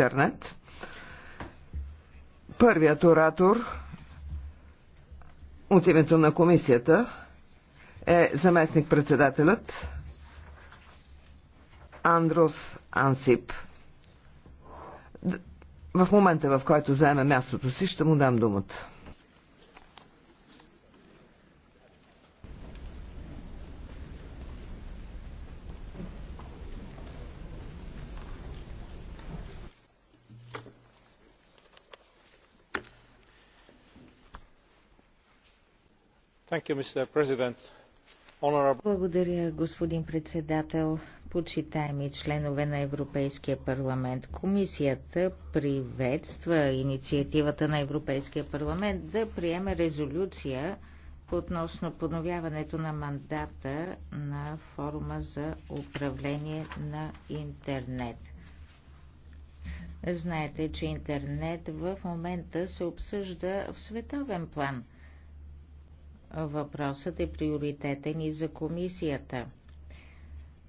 интернет. Първият оратор от името на комисията е заместник-председателят Андрос Ансип. В момента, в който заеме мястото си, ще му дам думата. Благодаря, господин председател. Почитаеми членове на Европейския парламент, комисията приветства инициативата на Европейския парламент да приеме резолюция относно подновяването на мандата на форума за управление на интернет. Знаете, че интернет в момента се обсъжда в световен план – Въпросът е приоритетен и за комисията.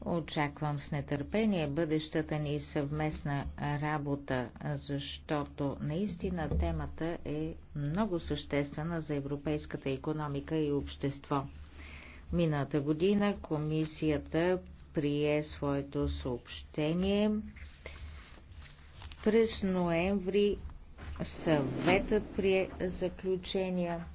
Очаквам с нетърпение бъдещата ни съвместна работа, защото наистина темата е много съществена за европейската економика и общество. Мината година комисията прие своето съобщение. През ноември съветът прие заключения.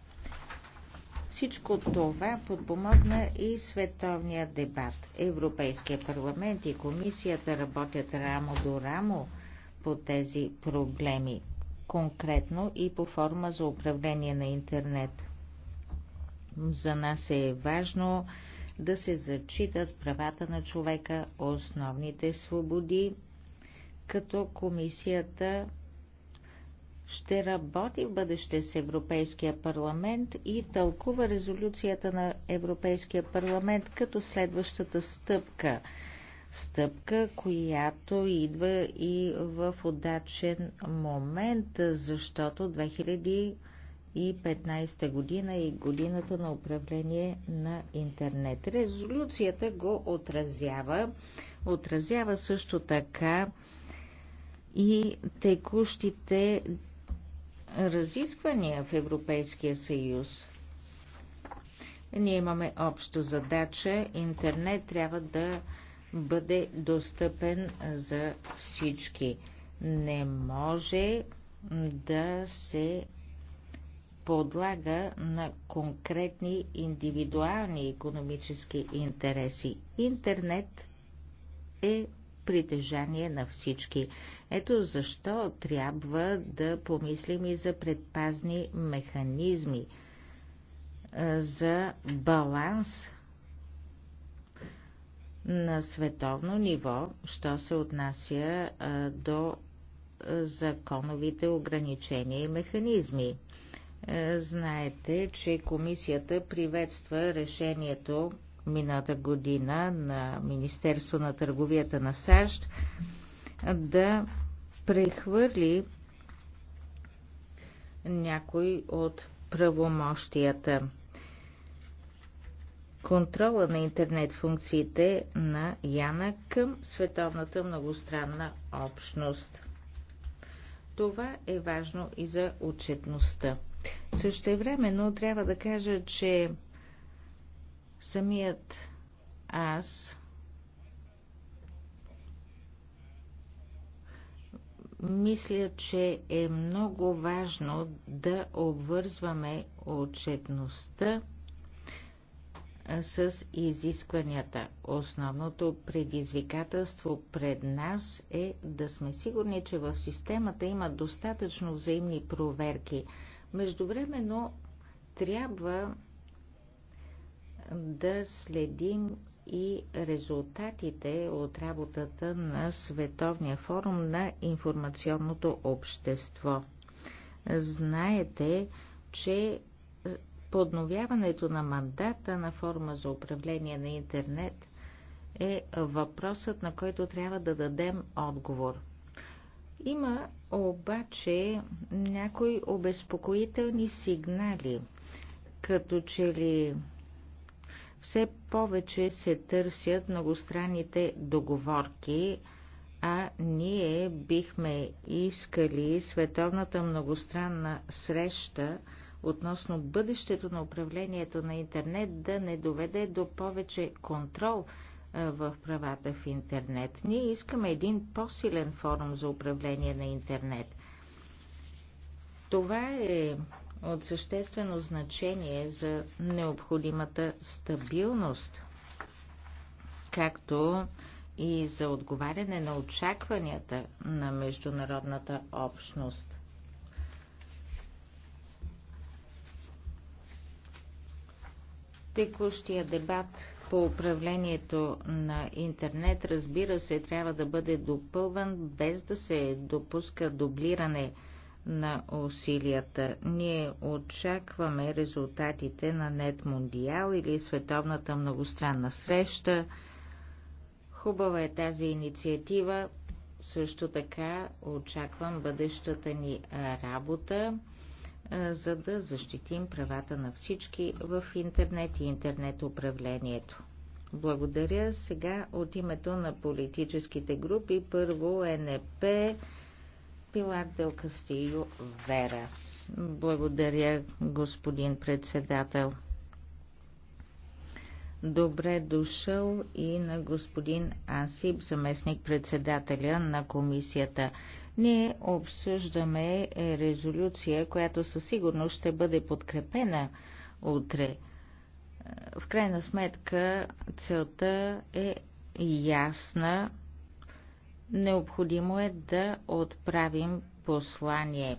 Всичко това подпомогна и световния дебат. Европейския парламент и комисията работят рамо до рамо по тези проблеми, конкретно и по форма за управление на интернет. За нас е важно да се зачитат правата на човека, основните свободи, като комисията ще работи в бъдеще с Европейския парламент и тълкува резолюцията на Европейския парламент като следващата стъпка. Стъпка, която идва и в удачен момент, защото 2015 година е годината на управление на интернет. Резолюцията го отразява. Отразява също така и текущите разисквания в Европейския съюз. Ние имаме обща задача. Интернет трябва да бъде достъпен за всички. Не може да се подлага на конкретни индивидуални економически интереси. Интернет е притежание на всички. Ето защо трябва да помислим и за предпазни механизми, за баланс на световно ниво, що се отнася до законовите ограничения и механизми. Знаете, че комисията приветства решението мината година на Министерство на търговията на САЩ да прехвърли някой от правомощията. Контрола на интернет функциите на Яна към световната многостранна общност. Това е важно и за отчетността. времено трябва да кажа, че Самият аз мисля, че е много важно да обвързваме отчетността с изискванията. Основното предизвикателство пред нас е да сме сигурни, че в системата има достатъчно взаимни проверки. Междувременно трябва да следим и резултатите от работата на Световния форум на информационното общество. Знаете, че подновяването на мандата на форма за управление на интернет е въпросът, на който трябва да дадем отговор. Има обаче някои обезпокоителни сигнали, като че ли все повече се търсят многостранните договорки, а ние бихме искали Световната многостранна среща относно бъдещето на управлението на интернет да не доведе до повече контрол в правата в интернет. Ние искаме един по-силен форум за управление на интернет. Това е от съществено значение за необходимата стабилност, както и за отговаряне на очакванията на международната общност. Текущия дебат по управлението на интернет, разбира се, трябва да бъде допълван без да се допуска дублиране – на усилията. Ние очакваме резултатите на Нет Мондиал или Световната многостранна среща. Хубава е тази инициатива. Също така очаквам бъдещата ни работа, за да защитим правата на всички в интернет и интернет управлението. Благодаря сега от името на политическите групи. Първо НП, Пилар Дел Кастио Вера. Благодаря, господин председател. Добре дошъл и на господин Асип, заместник-председателя на комисията. Ние обсъждаме резолюция, която със сигурност ще бъде подкрепена утре. В крайна сметка целта е ясна Необходимо е да отправим послание.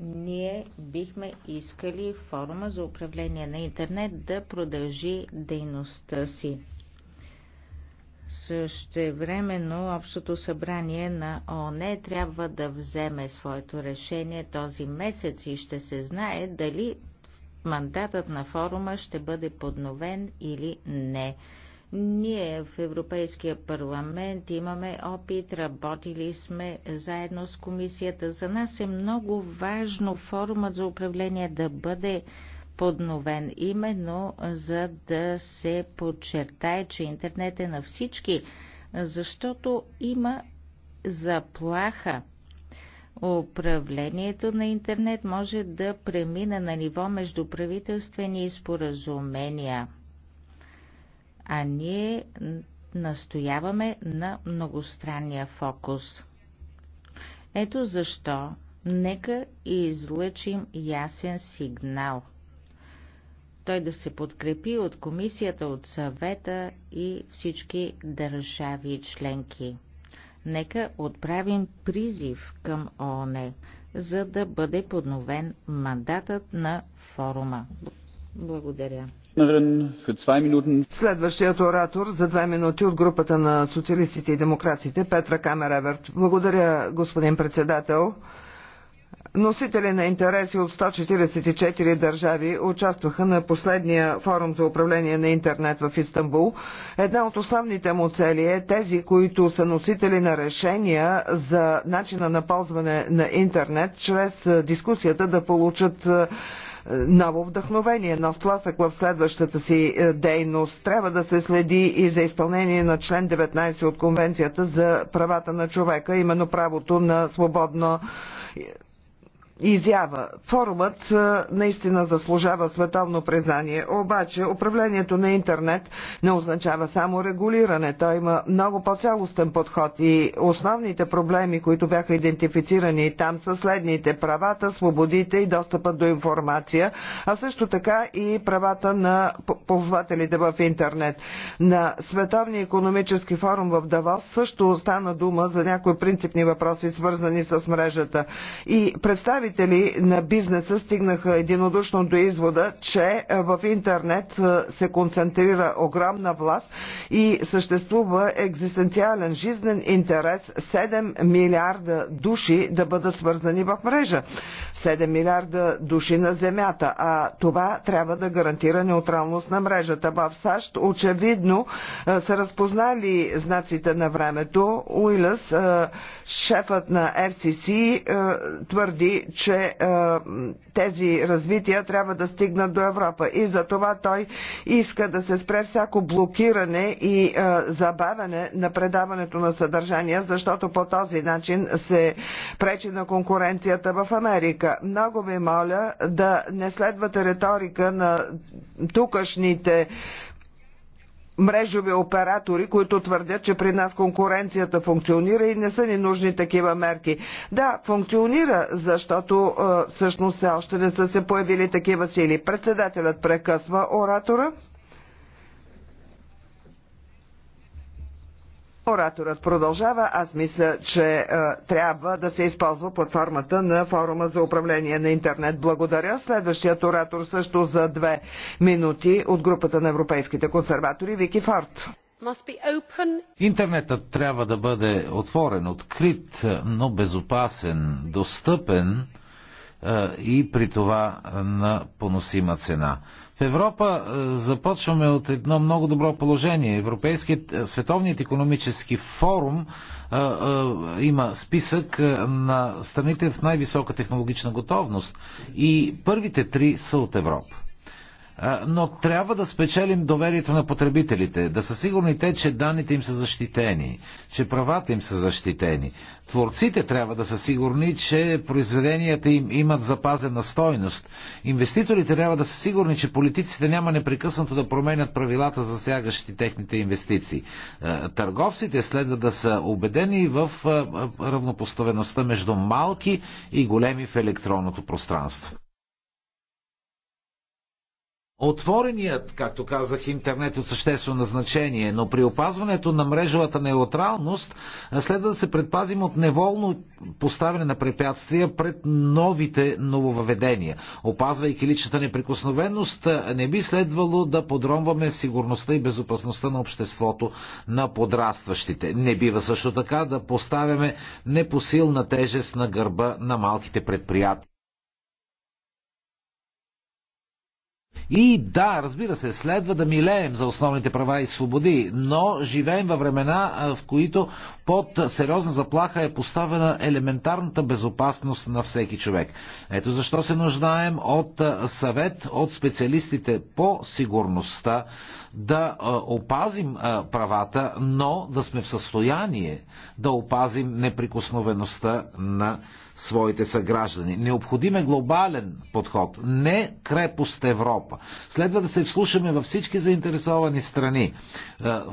Ние бихме искали форума за управление на интернет да продължи дейността си. Същевременно Общото събрание на ООН трябва да вземе своето решение този месец и ще се знае дали мандатът на форума ще бъде подновен или не. Ние в Европейския парламент имаме опит, работили сме заедно с комисията. За нас е много важно форумът за управление да бъде подновен, именно за да се подчертае, че интернет е на всички, защото има заплаха. Управлението на интернет може да премина на ниво между правителствени споразумения – а ние настояваме на многостранния фокус. Ето защо нека излъчим ясен сигнал. Той да се подкрепи от комисията, от съвета и всички държави членки. Нека отправим призив към ООН, за да бъде подновен мандатът на форума. Благодаря. Следващият оратор за две минути от групата на социалистите и демократите Петра Камереверт. Благодаря, господин председател. Носители на интереси от 144 държави участваха на последния форум за управление на интернет в Истанбул. Една от основните му цели е тези, които са носители на решения за начина на ползване на интернет, чрез дискусията да получат ново вдъхновение, нов тласък в следващата си е, дейност. Трябва да се следи и за изпълнение на член 19 от Конвенцията за правата на човека, именно правото на свободно изява. Форумът наистина заслужава световно признание, обаче управлението на интернет не означава само регулиране. Той има много по-цялостен подход и основните проблеми, които бяха идентифицирани там са следните. Правата, свободите и достъпа до информация, а също така и правата на ползвателите в интернет. На Световния економически форум в Давос също стана дума за някои принципни въпроси, свързани с мрежата. И представите представители на бизнеса стигнаха единодушно до извода, че е, в интернет е, се концентрира огромна власт и съществува екзистенциален жизнен интерес 7 милиарда души да бъдат свързани в мрежа. 7 милиарда души на Земята, а това трябва да гарантира неутралност на мрежата. В САЩ очевидно е, са разпознали знаците на времето. Уилъс, шефът на FCC, твърди, че е, тези развития трябва да стигнат до Европа. И за това той иска да се спре всяко блокиране и е, забавяне на предаването на съдържания, защото по този начин се пречи на конкуренцията в Америка. Много ви моля да не следвате риторика на тукашните мрежови оператори, които твърдят, че при нас конкуренцията функционира и не са ни нужни такива мерки. Да, функционира, защото всъщност още не са се появили такива сили. Председателят прекъсва оратора. Ораторът продължава. Аз мисля, че е, трябва да се използва платформата на форума за управление на интернет. Благодаря. Следващият оратор също за две минути от групата на европейските консерватори Вики Форд. Интернетът трябва да бъде отворен, открит, но безопасен, достъпен и при това на поносима цена. В Европа започваме от едно много добро положение. Европейският световният економически форум има списък на страните в най-висока технологична готовност и първите три са от Европа но трябва да спечелим доверието на потребителите, да са сигурни те, че данните им са защитени, че правата им са защитени. Творците трябва да са сигурни, че произведенията им имат запазена стойност. Инвеститорите трябва да са сигурни, че политиците няма непрекъснато да променят правилата, засягащи техните инвестиции. Търговците следва да са убедени в равнопоставеността между малки и големи в електронното пространство. Отвореният, както казах, интернет от съществено значение, но при опазването на мрежовата неутралност следва да се предпазим от неволно поставяне на препятствия пред новите нововъведения. Опазвайки личната неприкосновеност, не би следвало да подромваме сигурността и безопасността на обществото на подрастващите. Не бива също така да поставяме непосилна тежест на гърба на малките предприятия. И да, разбира се, следва да милеем за основните права и свободи, но живеем във времена, в които под сериозна заплаха е поставена елементарната безопасност на всеки човек. Ето защо се нуждаем от съвет от специалистите по сигурността да опазим правата, но да сме в състояние да опазим неприкосновеността на своите съграждани. Необходим е глобален подход, не крепост Европа. Следва да се вслушаме във всички заинтересовани страни, е,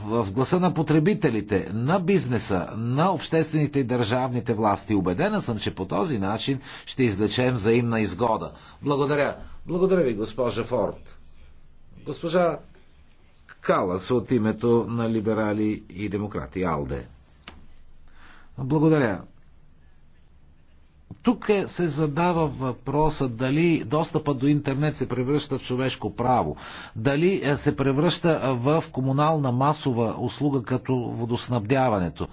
в гласа на потребителите, на бизнеса, на обществените и държавните власти. Убедена съм, че по този начин ще излечем взаимна изгода. Благодаря. Благодаря ви, госпожа Форд. Госпожа Калас от името на либерали и демократи Алде. Благодаря. Тук е, се задава въпроса дали достъпа до интернет се превръща в човешко право, дали е, се превръща в комунална масова услуга като водоснабдяването.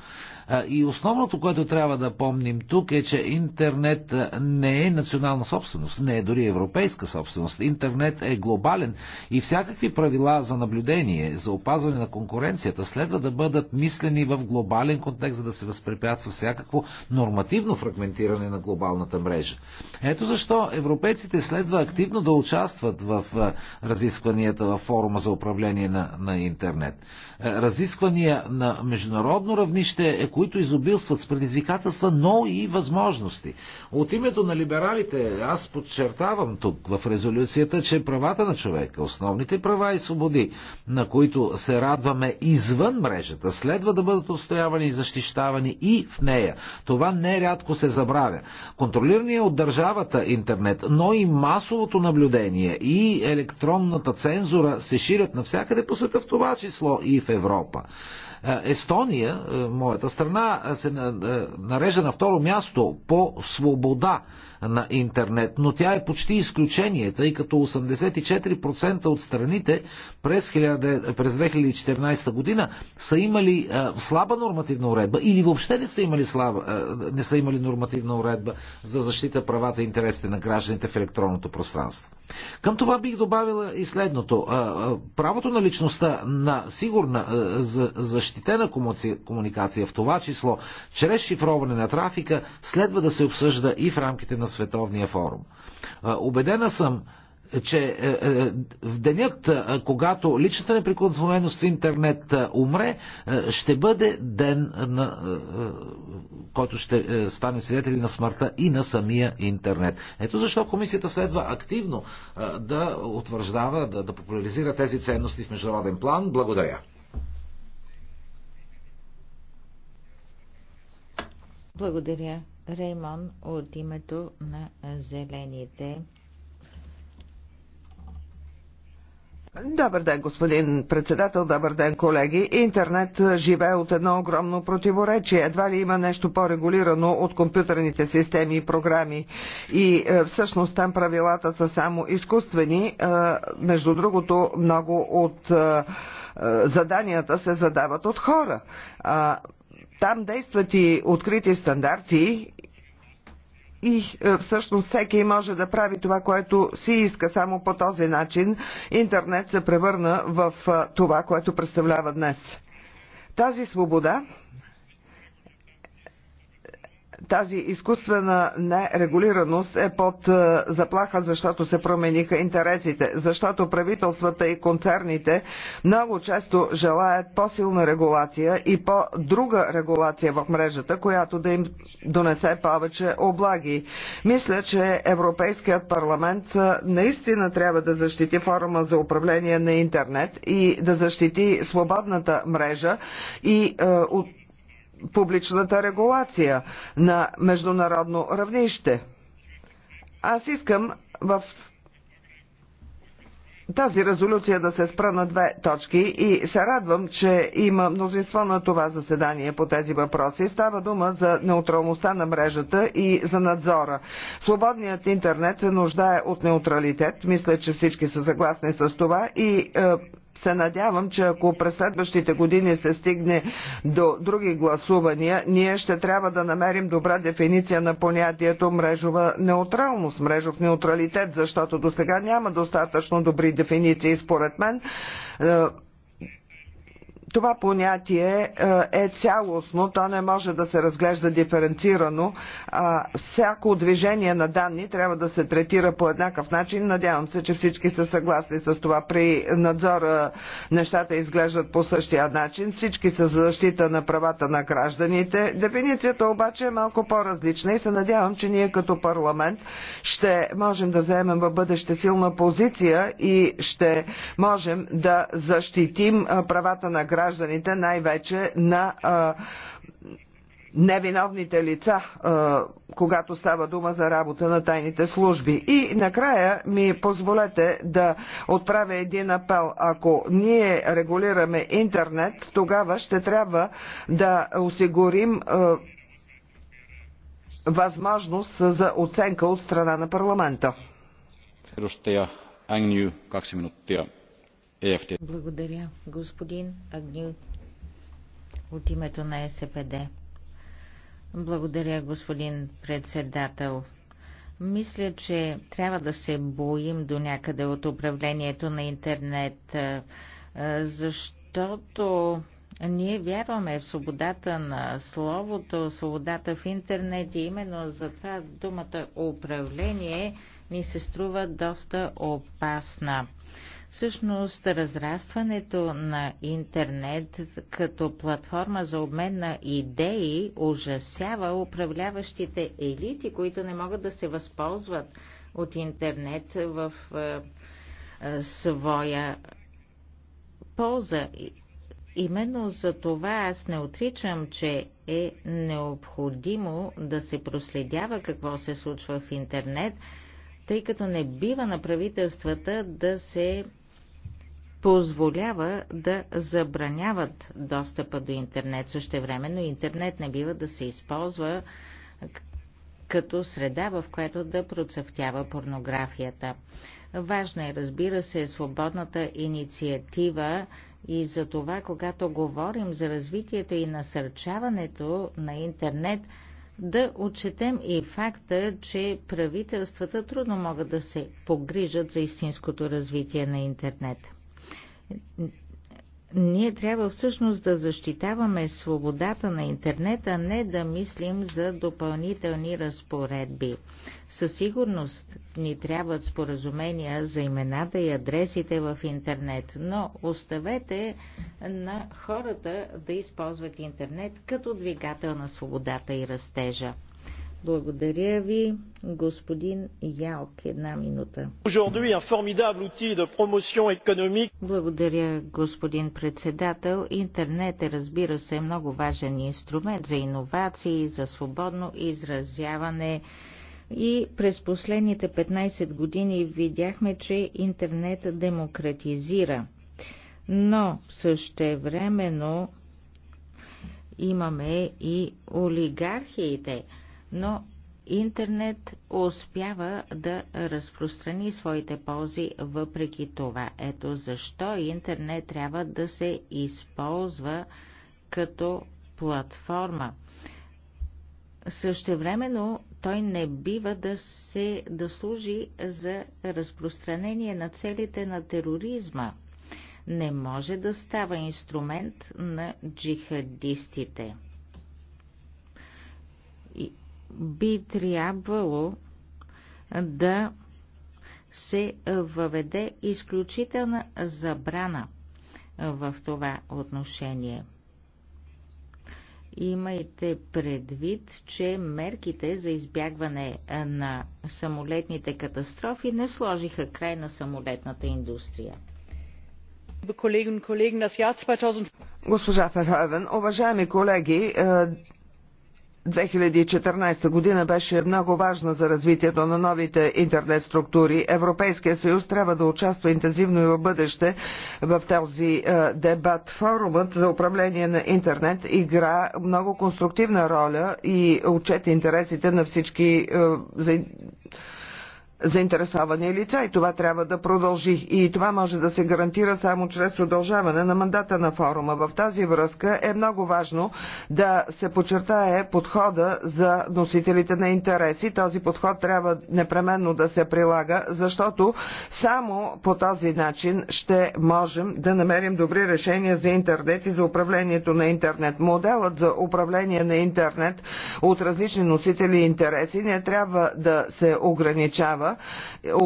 И основното, което трябва да помним тук е, че интернет не е национална собственост, не е дори европейска собственост. Интернет е глобален и всякакви правила за наблюдение, за опазване на конкуренцията следва да бъдат мислени в глобален контекст, за да се възпрепятства всякакво нормативно фрагментиране на глобалната мрежа. Ето защо европейците следва активно да участват в разискванията в форума за управление на, на интернет. Е, разисквания на международно равнище, е, които изобилстват с предизвикателства, но и възможности. От името на либералите аз подчертавам тук в резолюцията, че правата на човека, основните права и свободи, на които се радваме извън мрежата, следва да бъдат отстоявани и защищавани и в нея. Това нерядко се забравя. Контролираният от държавата интернет, но и масовото наблюдение и електронната цензура се ширят навсякъде по света, в това число и в в Европа. Е, Естония, е, моята страна, е, се нарежда на второ място по свобода на интернет, но тя е почти изключение, тъй като 84% от страните през, през 2014 година са имали а, слаба нормативна уредба или въобще не са, имали слаба, а, не са имали нормативна уредба за защита правата и интересите на гражданите в електронното пространство. Към това бих добавила и следното. Правото на личността на сигурна, защитена комуникация, в това число чрез шифроване на трафика, следва да се обсъжда и в рамките на на Световния форум. Обедена съм, че е, е, в денят, е, когато личната неприкосновеност в интернет умре, ще бъде ден, на, който ще стане свидетели на смъртта и на самия интернет. Ето защо комисията следва активно да утвърждава, да, да популяризира тези ценности в международен план. Благодаря. Благодаря. Реймон от името на Зелените. Добър ден, господин председател, добър ден, колеги. Интернет живее от едно огромно противоречие. Едва ли има нещо по-регулирано от компютърните системи и програми. И е, всъщност там правилата са само изкуствени. Е, между другото, много от е, заданията се задават от хора. Там действат и открити стандарти и е, всъщност всеки може да прави това, което си иска. Само по този начин интернет се превърна в е, това, което представлява днес. Тази свобода тази изкуствена нерегулираност е под е, заплаха, защото се промениха интересите, защото правителствата и концерните много често желаят по-силна регулация и по-друга регулация в мрежата, която да им донесе повече облаги. Мисля, че Европейският парламент е, наистина трябва да защити форума за управление на интернет и да защити свободната мрежа и е, от публичната регулация на международно равнище. Аз искам в тази резолюция да се спра на две точки и се радвам, че има мнозинство на това заседание по тези въпроси. Става дума за неутралността на мрежата и за надзора. Свободният интернет се нуждае от неутралитет. Мисля, че всички са съгласни с това и е, се надявам, че ако през следващите години се стигне до други гласувания, ние ще трябва да намерим добра дефиниция на понятието мрежова неутралност, мрежов неутралитет, защото до сега няма достатъчно добри дефиниции според мен е, това понятие е, е цялостно, то не може да се разглежда диференцирано. Всяко движение на данни трябва да се третира по еднакъв начин. Надявам се, че всички са съгласни с това. При надзора нещата изглеждат по същия начин. Всички са за защита на правата на гражданите. Дефиницията обаче е малко по-различна и се надявам, че ние като парламент ще можем да заемем в бъдеще силна позиция и ще можем да защитим правата на гражданите гражданите, най-вече на невиновните лица, когато става дума за работа на тайните служби. И накрая ми позволете да отправя един апел. Ако ние регулираме интернет, тогава ще трябва да осигурим възможност за оценка от страна на парламента. Edustaja Agnew, kaksi minuuttia. ЕФТ. Благодаря, господин Агни от името на СПД. Благодаря, господин председател. Мисля, че трябва да се боим до някъде от управлението на интернет, защото ние вярваме в свободата на словото, свободата в интернет и именно за това думата управление ни се струва доста опасна. Всъщност, разрастването на интернет като платформа за обмен на идеи ужасява управляващите елити, които не могат да се възползват от интернет в е, е, своя полза. Именно за това аз не отричам, че е необходимо да се проследява какво се случва в интернет, тъй като не бива на правителствата да се позволява да забраняват достъпа до интернет. Същевременно интернет не бива да се използва като среда, в която да процъфтява порнографията. Важна е, разбира се, свободната инициатива и за това, когато говорим за развитието и насърчаването на интернет – да отчетем и факта, че правителствата трудно могат да се погрижат за истинското развитие на интернет. Ние трябва всъщност да защитаваме свободата на интернет, а не да мислим за допълнителни разпоредби. Със сигурност ни трябват споразумения за имената и адресите в интернет, но оставете на хората да използват интернет като двигател на свободата и растежа. Благодаря ви, господин Ялк. Една минута. Благодаря, господин председател. Интернет е, разбира се, много важен инструмент за иновации, за свободно изразяване. И през последните 15 години видяхме, че интернет демократизира. Но същевременно имаме и олигархиите – но интернет успява да разпространи своите ползи въпреки това. Ето защо интернет трябва да се използва като платформа. Същевременно той не бива да, се, да служи за разпространение на целите на тероризма. Не може да става инструмент на джихадистите би трябвало да се въведе изключителна забрана в това отношение. Имайте предвид, че мерките за избягване на самолетните катастрофи не сложиха край на самолетната индустрия. Госпожа Ферховен, уважаеми колеги, е, 2014 година беше много важна за развитието на новите интернет структури. Европейския съюз трябва да участва интензивно и в бъдеще в този е, дебат. Форумът за управление на интернет игра много конструктивна роля и отчет интересите на всички е, заинтересовани лица и това трябва да продължи. И това може да се гарантира само чрез удължаване на мандата на форума. В тази връзка е много важно да се подчертае подхода за носителите на интереси. Този подход трябва непременно да се прилага, защото само по този начин ще можем да намерим добри решения за интернет и за управлението на интернет. Моделът за управление на интернет от различни носители интереси не трябва да се ограничава отклонява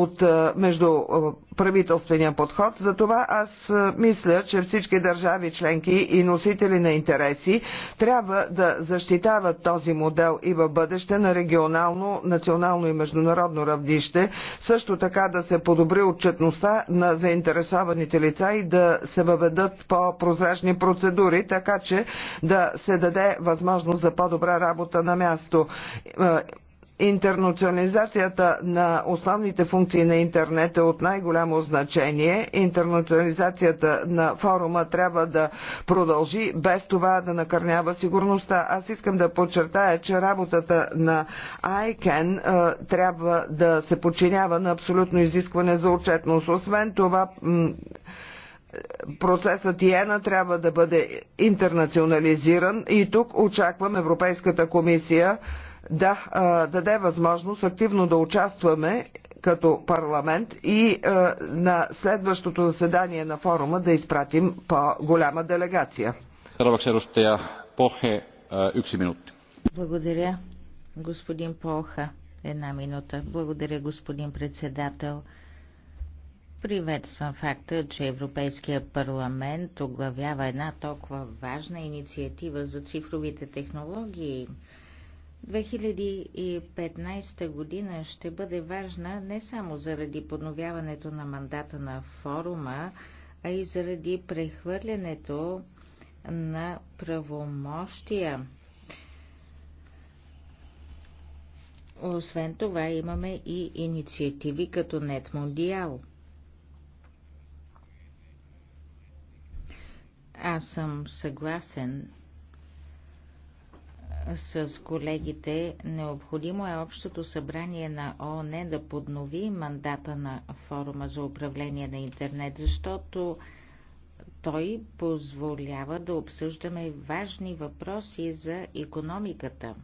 от е, между е, правителствения подход. Затова аз е, мисля, че всички държави членки и носители на интереси трябва да защитават този модел и в бъдеще на регионално, национално и международно равнище. Също така да се подобри отчетността на заинтересованите лица и да се въведат по-прозрачни процедури, така че да се даде възможност за по-добра работа на място. Интернационализацията на основните функции на интернет е от най-голямо значение. Интернационализацията на форума трябва да продължи без това да накърнява сигурността. Аз искам да подчертая, че работата на ICANN е, трябва да се подчинява на абсолютно изискване за отчетност. Освен това, процесът ИЕНА трябва да бъде интернационализиран и тук очаквам Европейската комисия да даде възможност активно да участваме като парламент и на следващото заседание на форума да изпратим по-голяма делегация. Благодаря, господин Поха. Една минута. Благодаря, господин председател. Приветствам факта, че Европейския парламент оглавява една толкова важна инициатива за цифровите технологии. 2015 година ще бъде важна не само заради подновяването на мандата на форума, а и заради прехвърлянето на правомощия. Освен това имаме и инициативи като Нет Мондиал. Аз съм съгласен с колегите, необходимо е Общото събрание на ООН да поднови мандата на форума за управление на интернет, защото той позволява да обсъждаме важни въпроси за економиката.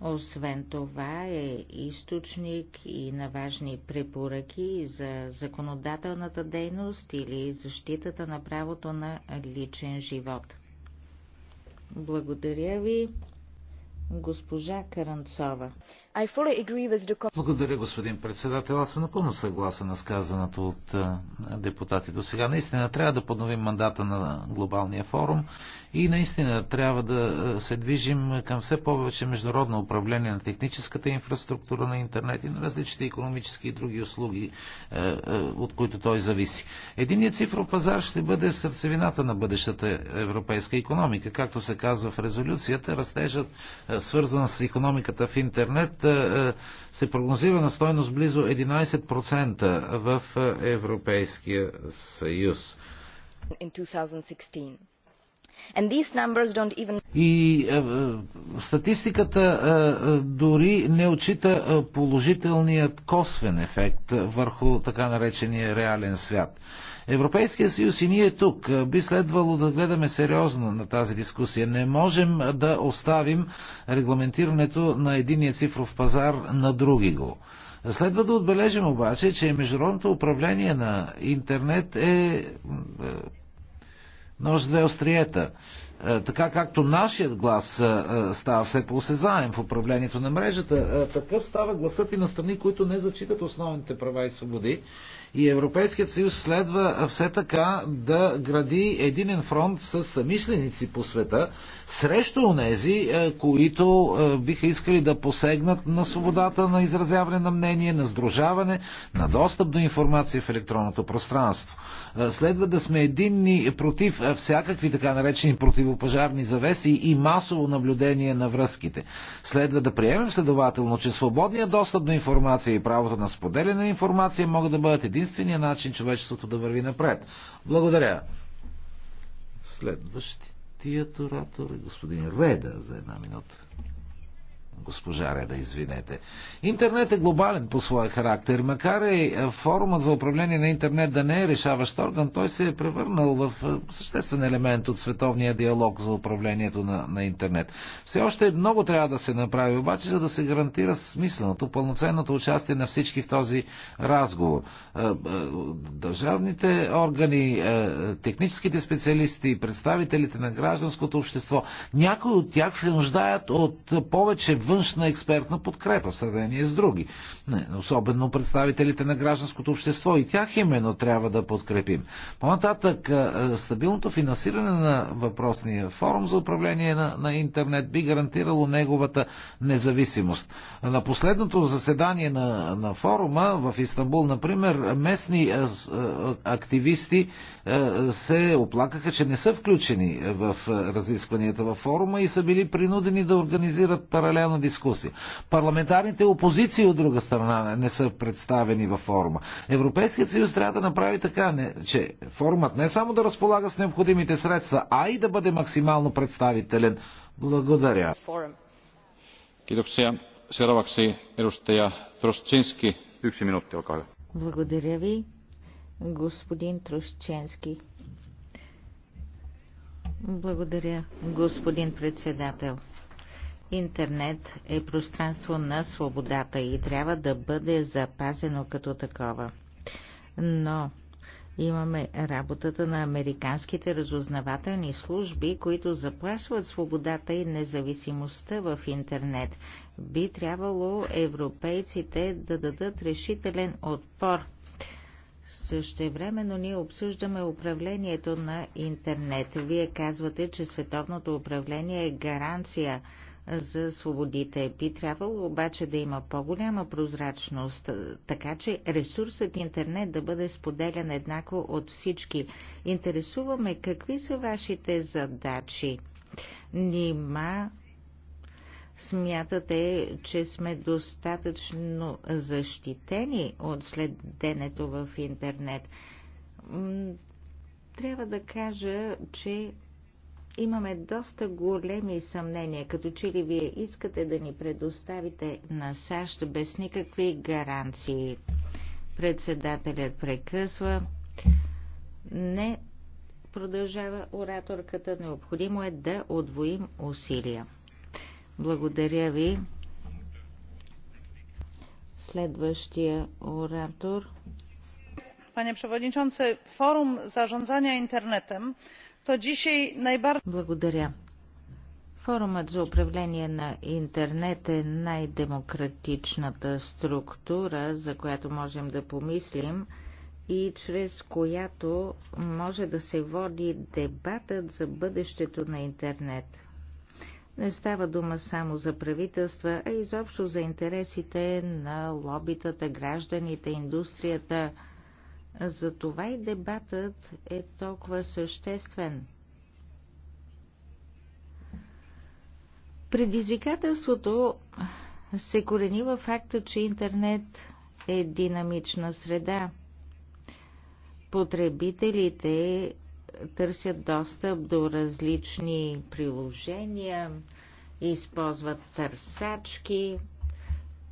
Освен това е източник и на важни препоръки за законодателната дейност или защитата на правото на личен живот. Благодаря ви госпожа Каранцова. Благодаря, господин председател. Аз съм напълно съгласен на сказаното от депутати до сега. Наистина трябва да подновим мандата на глобалния форум и наистина трябва да се движим към все повече международно управление на техническата инфраструктура на интернет и на различните економически и други услуги, от които той зависи. Единият цифров пазар ще бъде в сърцевината на бъдещата европейска економика. Както се казва в резолюцията, растежът свързан с економиката в интернет е, е, се прогнозира на стойност близо 11% в е, Европейския съюз. Even... И е, статистиката е, дори не отчита положителният косвен ефект върху така наречения реален свят. Европейския съюз и ние тук би следвало да гледаме сериозно на тази дискусия. Не можем да оставим регламентирането на единия цифров пазар на други го. Следва да отбележим обаче, че международното управление на интернет е, е нож две остриета. Е, така както нашият глас е, става все по-осезаем в управлението на мрежата, такъв става гласът и на страни, които не зачитат основните права и свободи и Европейският съюз следва все така да гради единен фронт с самишленици по света срещу онези, е, които е, биха искали да посегнат на свободата на изразяване на мнение, на сдружаване, на достъп до информация в електронното пространство. Е, следва да сме единни против всякакви така наречени противопожарни завеси и масово наблюдение на връзките. Следва да приемем следователно, че свободният достъп до информация и правото на споделяне на информация могат да бъдат един единствения начин човечеството да върви напред. Благодаря. Следващият оратор е господин Реда за една минута госпожа Реда, извинете. Интернет е глобален по своя характер. Макар и е, форумът за управление на интернет да не е решаващ орган, той се е превърнал в е, съществен елемент от световния диалог за управлението на, на интернет. Все още много трябва да се направи, обаче, за да се гарантира смисленото, пълноценното участие на всички в този разговор. Е, държавните органи, техническите специалисти, представителите на гражданското общество, някои от тях се нуждаят от повече външно външна експертна подкрепа в сравнение с други. Не, особено представителите на гражданското общество и тях именно трябва да подкрепим. По-нататък, стабилното финансиране на въпросния форум за управление на, на интернет би гарантирало неговата независимост. На последното заседание на, на форума в Истанбул, например, местни активисти се оплакаха, че не са включени в разискванията във форума и са били принудени да организират паралелно дискусия. Парламентарните опозиции от друга страна не са представени във форума. Европейският съюз трябва да направи така, не, че форумът не само да разполага с необходимите средства, а и да бъде максимално представителен. Благодаря. Seuraavaksi edustaja Yksi minuutti, olkaa hyvä. Благодаря ви, господин Трошченски. Благодаря, господин председател. Интернет е пространство на свободата и трябва да бъде запазено като такова. Но имаме работата на американските разузнавателни служби, които заплашват свободата и независимостта в интернет. Би трябвало европейците да дадат решителен отпор. Същевременно ние обсъждаме управлението на интернет. Вие казвате, че световното управление е гаранция – за свободите. Би трябвало обаче да има по-голяма прозрачност, така че ресурсът интернет да бъде споделян еднакво от всички. Интересуваме какви са вашите задачи. Нима смятате, че сме достатъчно защитени от следенето в интернет? Трябва да кажа, че имаме доста големи съмнения, като че ли вие искате да ни предоставите на САЩ без никакви гаранции. Председателят прекъсва. Не продължава ораторката. Необходимо е да отвоим усилия. Благодаря ви. Следващия оратор. Panie przewodniczący, forum zarządzania internetem благодаря. Форумът за управление на интернет е най-демократичната структура, за която можем да помислим и чрез която може да се води дебатът за бъдещето на интернет. Не става дума само за правителства, а изобщо за интересите на лобитата, гражданите, индустрията – затова и дебатът е толкова съществен. Предизвикателството се корени във факта, че интернет е динамична среда. Потребителите търсят достъп до различни приложения, използват търсачки,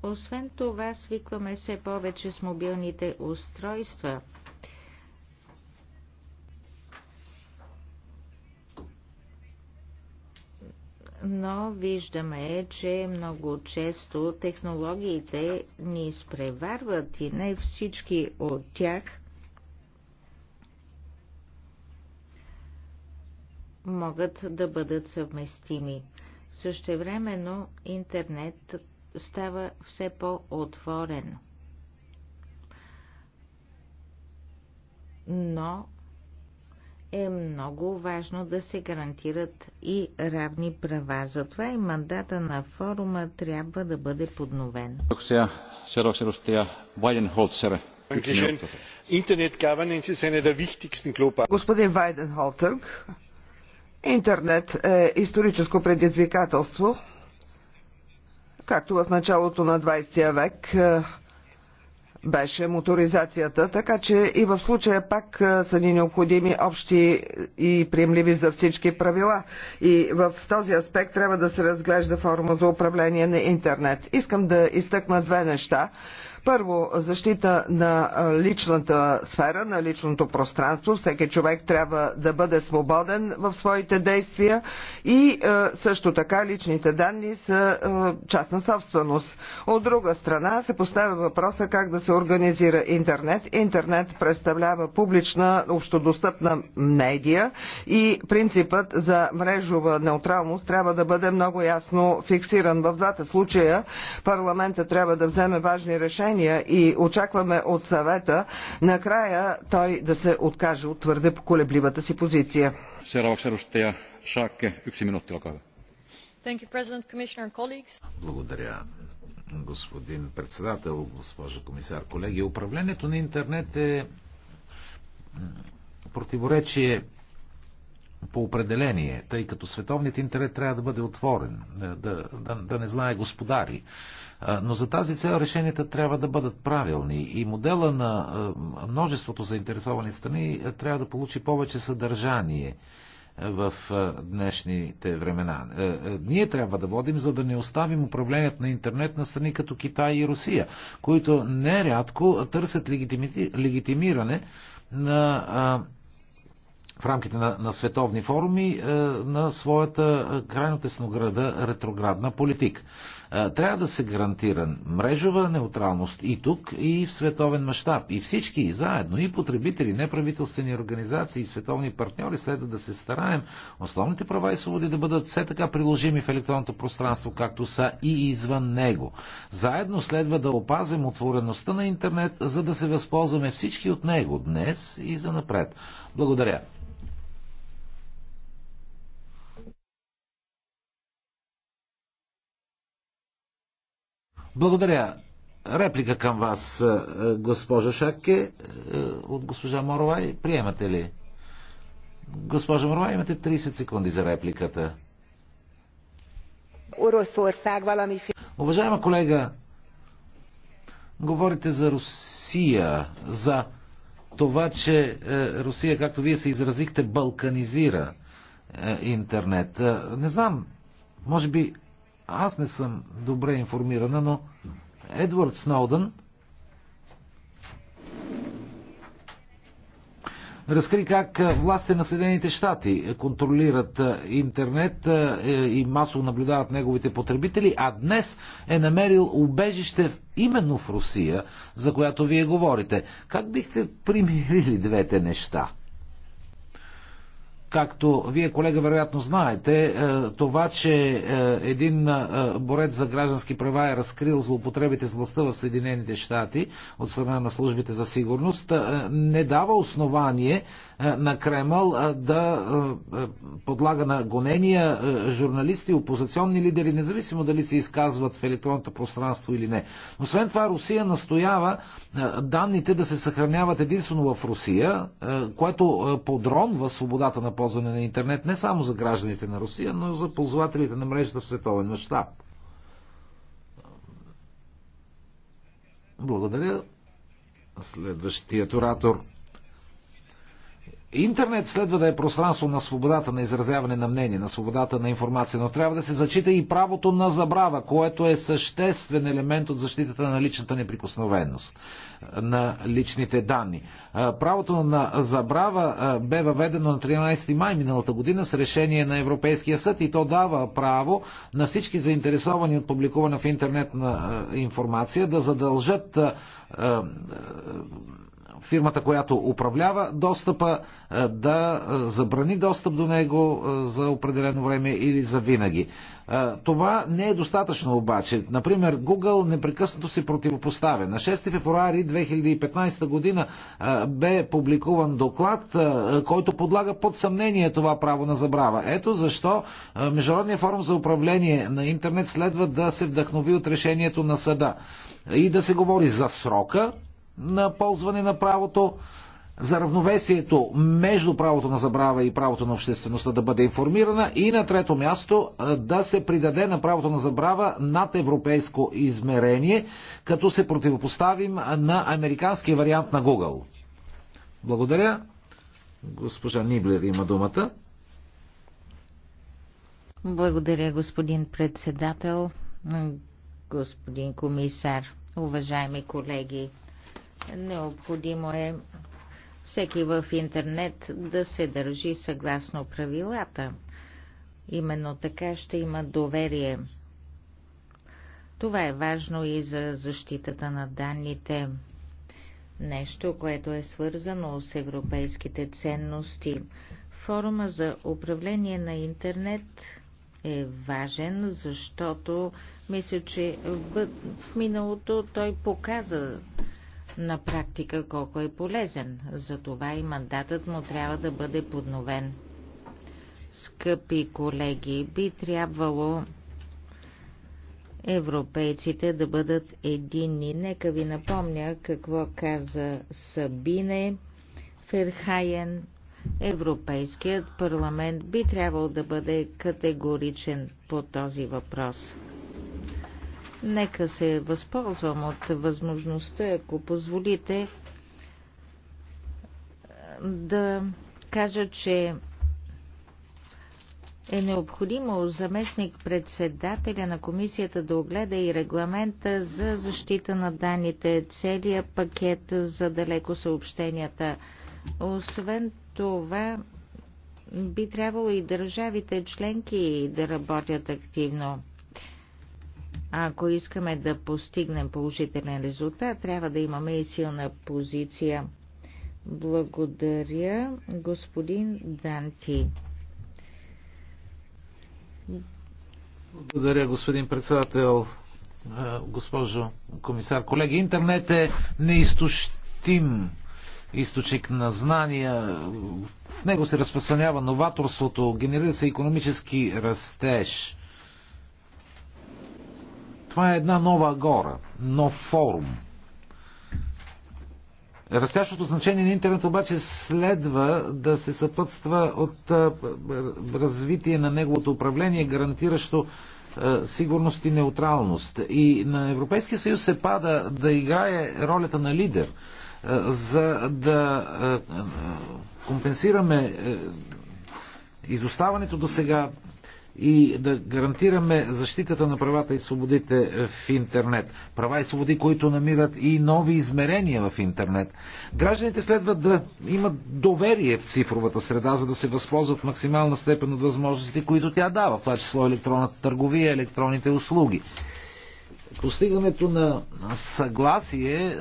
освен това, свикваме все повече с мобилните устройства. но виждаме, че много често технологиите ни изпреварват и не всички от тях могат да бъдат съвместими. Същевременно интернет става все по-отворен. Но е много важно да се гарантират и равни права. Затова и мандата на форума трябва да бъде подновен. Господин Вайденхолтер, интернет е историческо предизвикателство както в началото на 20 век е, беше моторизацията, така че и в случая пак е, са ни необходими общи и приемливи за всички правила. И в този аспект трябва да се разглежда форма за управление на интернет. Искам да изтъкна две неща първо, защита на личната сфера, на личното пространство. Всеки човек трябва да бъде свободен в своите действия и също така личните данни са частна собственост. От друга страна се поставя въпроса как да се организира интернет. Интернет представлява публична, общодостъпна медия и принципът за мрежова неутралност трябва да бъде много ясно фиксиран. В двата случая парламента трябва да вземе важни решения предложения и очакваме от съвета накрая той да се откаже от твърде поколебливата си позиция. Благодаря, господин председател, госпожо комисар, колеги. Управлението на интернет е противоречие по определение, тъй като световният интернет трябва да бъде отворен, е, да, да, да не знае господари. Но за тази цел решенията трябва да бъдат правилни и модела на множеството заинтересовани страни трябва да получи повече съдържание в днешните времена. Ние трябва да водим, за да не оставим управлението на интернет на страни като Китай и Русия, които нерядко търсят легитими... легитимиране на в рамките на, на световни форуми на своята крайно теснограда ретроградна политика. Трябва да се гарантира мрежова неутралност и тук, и в световен мащаб. И всички, и заедно, и потребители, неправителствени организации, и световни партньори следва да се стараем основните права и свободи да бъдат все така приложими в електронното пространство, както са и извън него. Заедно следва да опазим отвореността на интернет, за да се възползваме всички от него днес и за напред. Благодаря. Благодаря. Реплика към вас, е, госпожа Шаке, е, от госпожа Моровай. Приемате ли? Госпожа Моровай, имате 30 секунди за репликата. Уважаема колега, говорите за Русия, за това, че е, Русия, както вие се изразихте, балканизира интернет. Не знам, може би аз не съм добре информирана, но Едвард Сноудън разкри как властите на Съединените щати контролират интернет е, и масово наблюдават неговите потребители, а днес е намерил убежище именно в Русия, за която вие говорите. Как бихте примирили двете неща? Както вие, колега, вероятно знаете, е, това, че е, един е, борец за граждански права е разкрил злоупотребите с властта в Съединените щати от страна на службите за сигурност, не дава основание е, на Кремъл е, да е, подлага на гонения журналисти, опозиционни лидери, независимо дали се изказват в електронното пространство или не. Освен това, Русия настоява данните да се съхраняват единствено в Русия, което подронва свободата на ползване на интернет не само за гражданите на Русия, но и за ползвателите на мрежата в световен мащаб. Благодаря. Следващият оратор. Интернет следва да е пространство на свободата на изразяване на мнение, на свободата на информация, но трябва да се зачита и правото на забрава, което е съществен елемент от защитата на личната неприкосновеност, на личните данни. Правото на забрава бе въведено на 13 май миналата година с решение на Европейския съд и то дава право на всички заинтересовани от публикуване в интернет на информация да задължат фирмата, която управлява достъпа, е, да е, забрани достъп до него е, за определено време или за винаги. Това не е достатъчно обаче. Например, Google непрекъснато се противопоставя. На 6 февруари 2015 година бе публикуван доклад, който подлага под съмнение това право на забрава. Ето защо Международният форум за управление на интернет следва да се вдъхнови от решението на съда и да се говори за срока, на ползване на правото, за равновесието между правото на забрава и правото на обществеността да бъде информирана и на трето място да се придаде на правото на забрава над европейско измерение, като се противопоставим на американския вариант на Google. Благодаря. Госпожа Ниблер има думата. Благодаря, господин председател, господин комисар, уважаеми колеги. Необходимо е всеки в интернет да се държи съгласно правилата. Именно така ще има доверие. Това е важно и за защитата на данните. Нещо, което е свързано с европейските ценности. Форума за управление на интернет е важен, защото мисля, че в миналото той показа на практика колко е полезен. Затова и мандатът му трябва да бъде подновен. Скъпи колеги, би трябвало европейците да бъдат единни. Нека ви напомня какво каза Сабине Ферхайен. Европейският парламент би трябвало да бъде категоричен по този въпрос. Нека се възползвам от възможността, ако позволите, е, да кажа, че е необходимо заместник председателя на комисията да огледа и регламента за защита на данните, целият пакет за далеко съобщенията. Освен това, би трябвало и държавите членки да работят активно. Ако искаме да постигнем положителен резултат, трябва да имаме и силна позиция. Благодаря, господин Данти. Благодаря, господин председател, госпожо комисар. Колеги, интернет е неизтощим източник на знания. В него се разпространява новаторството, генерира се економически растеж. Това е една нова гора, нов форум. Растящото значение на интернет обаче следва да се съпътства от развитие на неговото управление, гарантиращо сигурност и неутралност. И на Европейския съюз се пада да играе ролята на лидер, за да компенсираме изоставането до сега и да гарантираме защитата на правата и свободите в интернет. Права и свободи, които намират и нови измерения в интернет. Гражданите следва да имат доверие в цифровата среда, за да се възползват максимална степен от възможностите, които тя дава, в това число електронната търговия, електронните услуги постигането на съгласие е,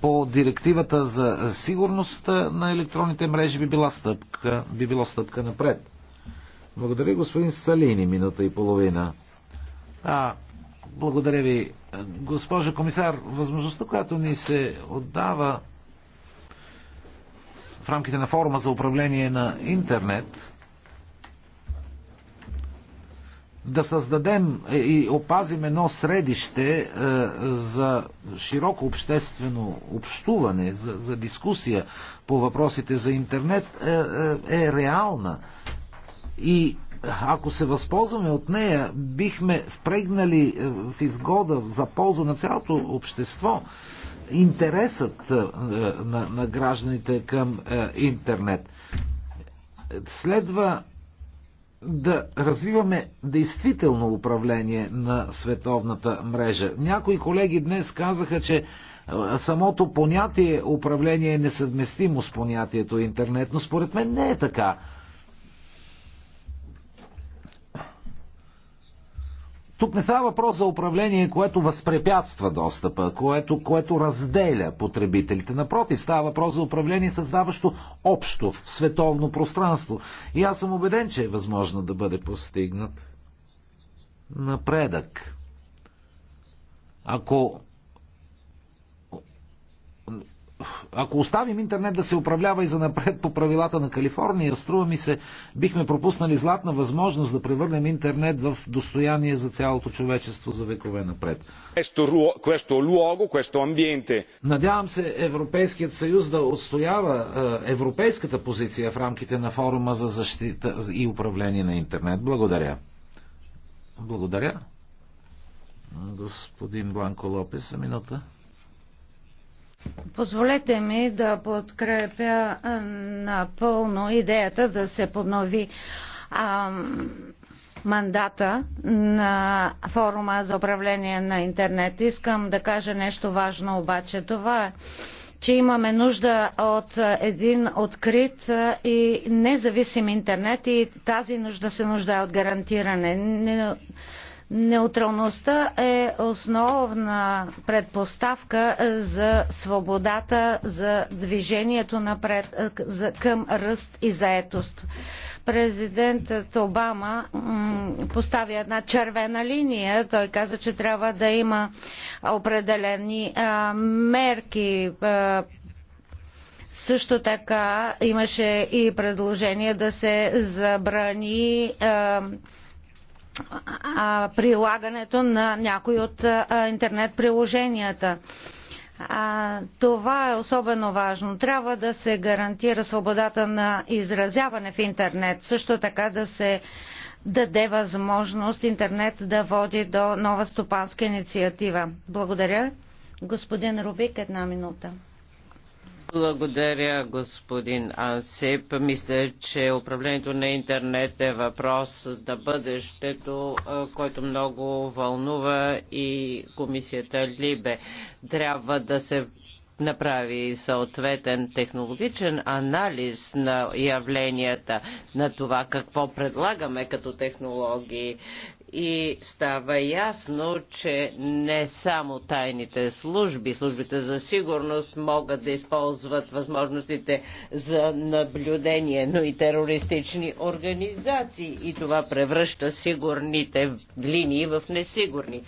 по директивата за сигурност е, на електронните мрежи би, била стъпка, би било стъпка напред. Благодаря, господин Салини, минута и половина. А, благодаря ви. Госпожа комисар, възможността, която ни се отдава в рамките на форума за управление на интернет, да създадем и опазим едно средище е, за широко обществено общуване, за, за дискусия по въпросите за интернет е, е, е реална и ако се възползваме от нея, бихме впрегнали е, в изгода, за полза на цялото общество, интересът е, на, на гражданите към е, интернет. Следва да развиваме действително управление на световната мрежа. Някои колеги днес казаха, че самото понятие управление е несъвместимо с понятието интернет, но според мен не е така. Тук не става въпрос за управление, което възпрепятства достъпа, което, което разделя потребителите. Напротив, става въпрос за управление, създаващо общо световно пространство. И аз съм убеден, че е възможно да бъде постигнат напредък. Ако ако оставим интернет да се управлява и за напред по правилата на Калифорния, струва ми се, бихме пропуснали златна възможност да превърнем интернет в достояние за цялото човечество за векове напред. Надявам се Европейският съюз да отстоява е, европейската позиция в рамките на форума за защита и управление на интернет. Благодаря. Благодаря. Господин Бланко Лопес, за минута. Позволете ми да подкрепя напълно идеята да се поднови ам, мандата на форума за управление на интернет. Искам да кажа нещо важно обаче. Това е че имаме нужда от един открит и независим интернет и тази нужда се нуждае от гарантиране. Неутралността е основна предпоставка за свободата, за движението напред към ръст и заетост. Президентът Обама поставя една червена линия. Той каза, че трябва да има определени мерки също така имаше и предложение да се забрани А, прилагането на някои от интернет приложенията. А, това е особено важно. Трябва да се гарантира свободата на изразяване в интернет. Също така да се даде възможност интернет да води до нова стопанска инициатива. Благодаря. Господин Рубик, една минута. Благодаря, господин Ансип. Мисля, че управлението на интернет е въпрос за бъдещето, който много вълнува и комисията Либе. Трябва да се направи съответен технологичен анализ на явленията, на това какво предлагаме като технологии. И става ясно, че не само тайните служби, службите за сигурност могат да използват възможностите за наблюдение, но и терористични организации. И това превръща сигурните линии в несигурни.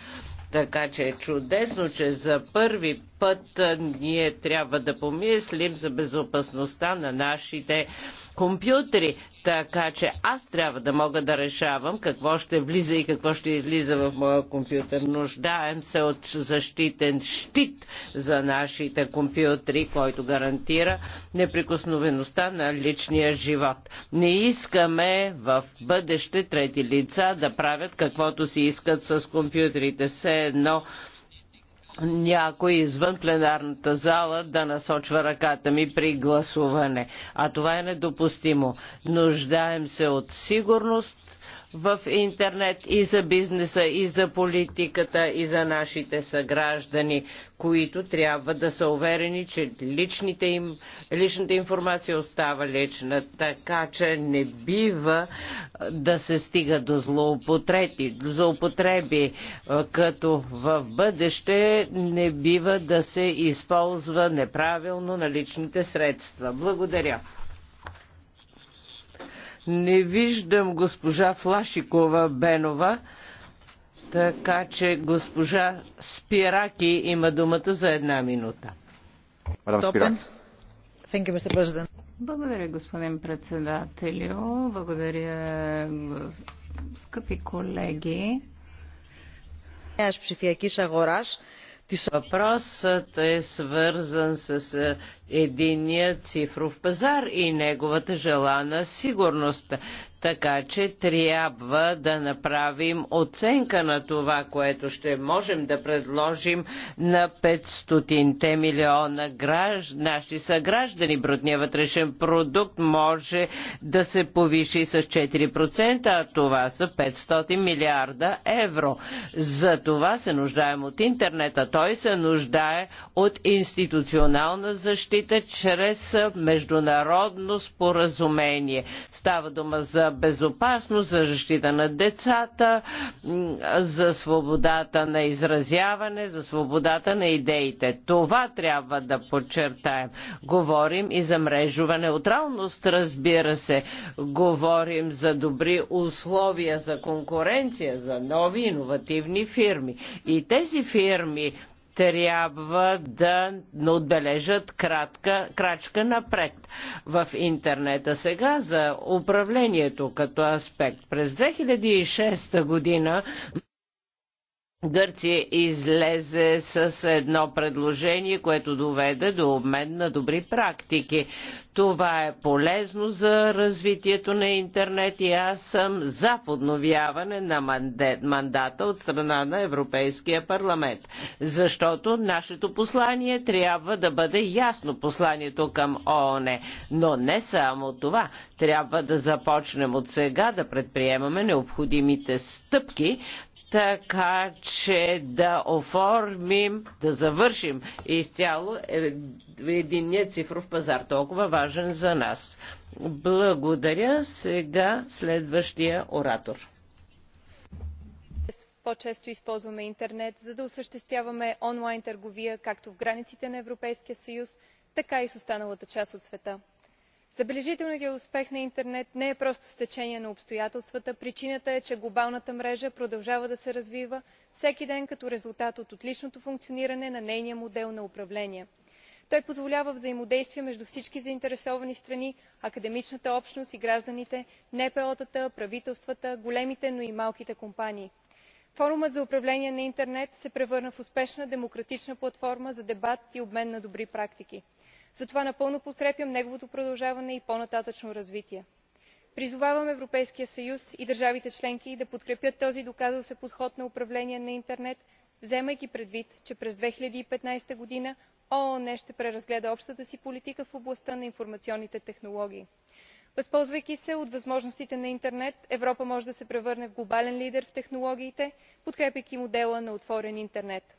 Така че е чудесно, че за първи път ние трябва да помислим за безопасността на нашите компютри, така че аз трябва да мога да решавам какво ще влиза и какво ще излиза в моя компютър. Нуждаем се от защитен щит за нашите компютри, който гарантира неприкосновеността на личния живот. Не искаме в бъдеще трети лица да правят каквото си искат с компютрите. Все едно някой извън пленарната зала да насочва ръката ми при гласуване. А това е недопустимо. Нуждаем се от сигурност в интернет и за бизнеса, и за политиката, и за нашите съграждани, които трябва да са уверени, че личните им, личната информация остава лична, така че не бива да се стига до злоупотреби, злоупотреби като в бъдеще не бива да се използва неправилно на личните средства. Благодаря. Не виждам госпожа Флашикова Бенова, така че госпожа Спираки има думата за една минута. Благодаря, господин председателю. Благодаря, скъпи колеги. Въпросът е свързан с е, единния цифров пазар и неговата желана сигурност. Така че трябва да направим оценка на това, което ще можем да предложим на 500 те милиона гражд... наши съграждани. Брутният вътрешен продукт може да се повиши с 4%, а това са 500 милиарда евро. За това се нуждаем от интернета. Той се нуждае от институционална защита защита чрез международно споразумение. Става дума за безопасност, за защита на децата, за свободата на изразяване, за свободата на идеите. Това трябва да подчертаем. Говорим и за мрежова неутралност, разбира се. Говорим за добри условия за конкуренция, за нови иновативни фирми. И тези фирми трябва да отбележат кратка, крачка напред в интернета. Сега за управлението като аспект. През 2006 година Гърция излезе с едно предложение, което доведе до обмен на добри практики. Това е полезно за развитието на интернет и аз съм за подновяване на мандата от страна на Европейския парламент. Защото нашето послание трябва да бъде ясно посланието към ООН. Но не само това. Трябва да започнем от сега да предприемаме необходимите стъпки, така че да оформим, да завършим изцяло е, единния цифров пазар, толкова важен за нас. Благодаря. Сега следващия оратор. По-често използваме интернет, за да осъществяваме онлайн търговия както в границите на Европейския съюз, така и с останалата част от света забележителният е успех на интернет не е просто стечение на обстоятелствата. причината е че глобалната мрежа продължава да се развива всеки ден като резултат от отличното функциониране на нейния модел на управление. той позволява взаимодействие между всички заинтересовани страни академичната общност и гражданите нпо тата правителствата големите но и малките компании. форумът за управление на интернет се превърна в успешна демократична платформа за дебат и обмен на добри практики затова напълно подкрепям неговото продължаване и по нататъшно развитие. призовавам европейския съюз и държавите членки да подкрепят този доказал се подход на управление на интернет вземайки предвид че през две хиляди и петнадесета г. оон ще преразгледа общата си политика в областта на информационните технологии. възползвайки се от възможностите на интернет европа може да се превърне в глобален лидер в технологиите подкрепяйки модела на отворен интернет.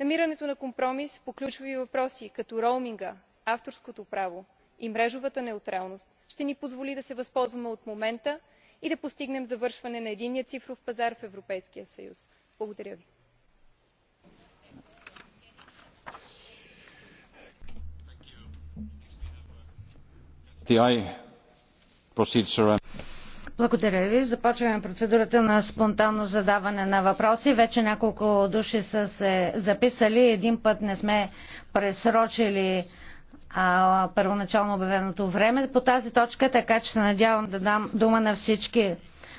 намирането на компромис по ключови въпроси като роуминга авторското право и мрежовата неутралност ще ни позволи да се възползваме от момента и да постигнем завършване на единния цифров пазар в европейския съюз. благодаря ви. Благодаря ви. Започваме процедурата на спонтанно задаване на въпроси. Вече няколко души са се записали. Един път не сме пресрочили а, първоначално обявеното време по тази точка, така че се надявам да дам дума на всички.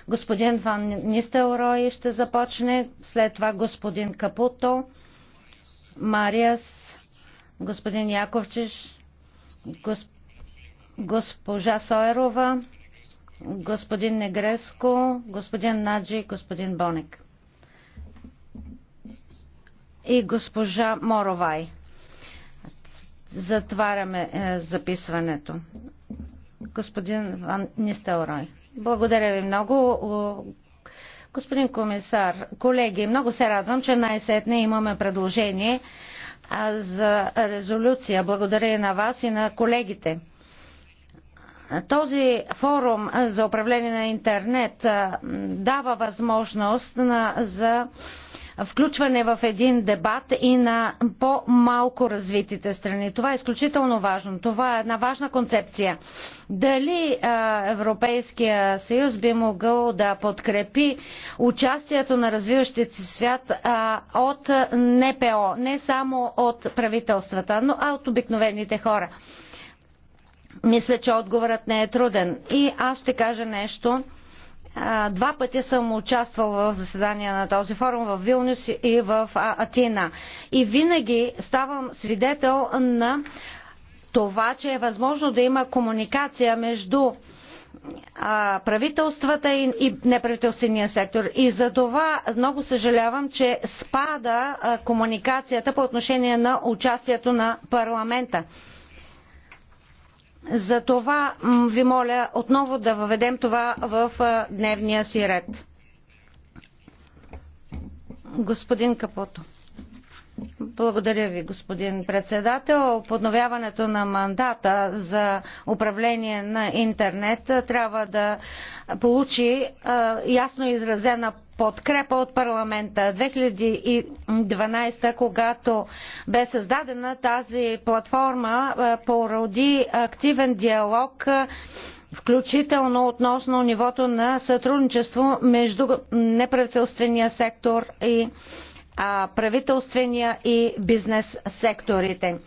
Господин Ван Нистелрой ще започне, след това господин Капуто, Мариас, господин Яковчиш, госп... госпожа Сойерова, господин Негреско, господин Наджи, господин Боник и госпожа Моровай. Затваряме е, записването. Господин Ван Нистелрой. Благодаря ви много. Господин комисар, колеги, много се радвам, че най-сетне имаме предложение за резолюция. Благодаря и на вас и на колегите. Този форум за управление на интернет дава възможност за включване в един дебат и на по-малко развитите страни. Това е изключително важно. Това е една важна концепция. Дали Европейския съюз би могъл да подкрепи участието на развиващите си свят от НПО, не само от правителствата, но а от обикновените хора? Мисля, че отговорът не е труден. И аз ще кажа нещо Два пъти съм участвал в заседания на този форум в Вилнюс и в Атина. И винаги ставам свидетел на това, че е възможно да има комуникация между правителствата и неправителствения сектор. И за това много съжалявам, че спада комуникацията по отношение на участието на парламента. За това ви моля отново да въведем това в дневния си ред. Господин Капото. Благодаря ви, господин председател. Подновяването на мандата за управление на интернет трябва да получи а, ясно изразена подкрепа от парламента. 2012, когато бе създадена тази платформа, породи активен диалог включително относно нивото на сътрудничество между неправителствения сектор и правителствения и бизнес секторите.